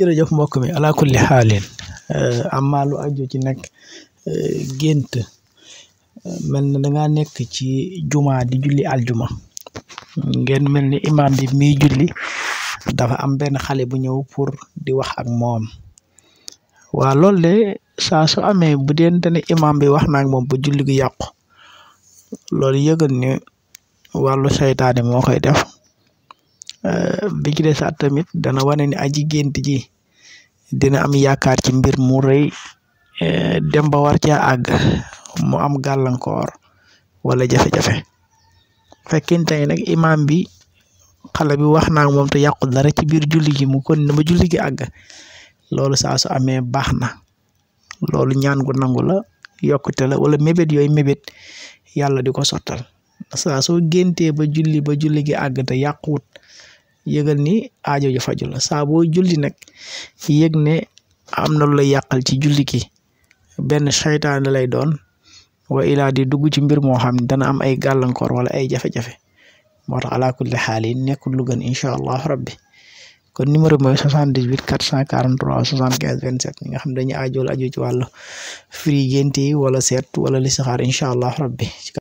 jërëjëf mbokk mi ala kulli xaalin eh, amaa lu aju ci nag eh, gént mel na dangaa nekk ci jumaa di julli aljuma ngeen mel ni imaam bi miy julli dafa am benn xale bu ñëw pour di wax ak moom waa loolu de saa su amee bu dente ne imaam bi wax na moom bu julli gi yàqu loolu yëgal ni wàllu seytaane moo koy def Euh, bi ci tamit dana wane ni aji gént ji dina am yaakaar ci mbir mu rëy euh, dem ba war caa àgg mu am gàllankoor wala jafe-jafe fekkente ne nag imaam bi xale bi wax naa moom te yàqu dara ci biir julli gi mu kon ba julli gi àgg loolu saa su amee baax na loolu ñaan gu nangu la yokkute la wala mébét yooyu mébét yàlla di ko sottal saa soo ba julli ba julli gi àgg te yàquwut yëgal ni aajo ja faju la saa boo julli nag yëg ne am na lu lay yàqal ci julli ki benn seytaane lay doon wa ilaa di dugg ci mbir moo xam ne dana am ay gàllankoor wala ay jafe-jafe moo tax ala kulli xaal yi nekkul lu gën incha allah rabbi kon numéro bi mooy 78 443 75 27 ñi nga xam dañu aajool aju ci wàllu firi gént yi wala seet wala listixaar incha allah rabbi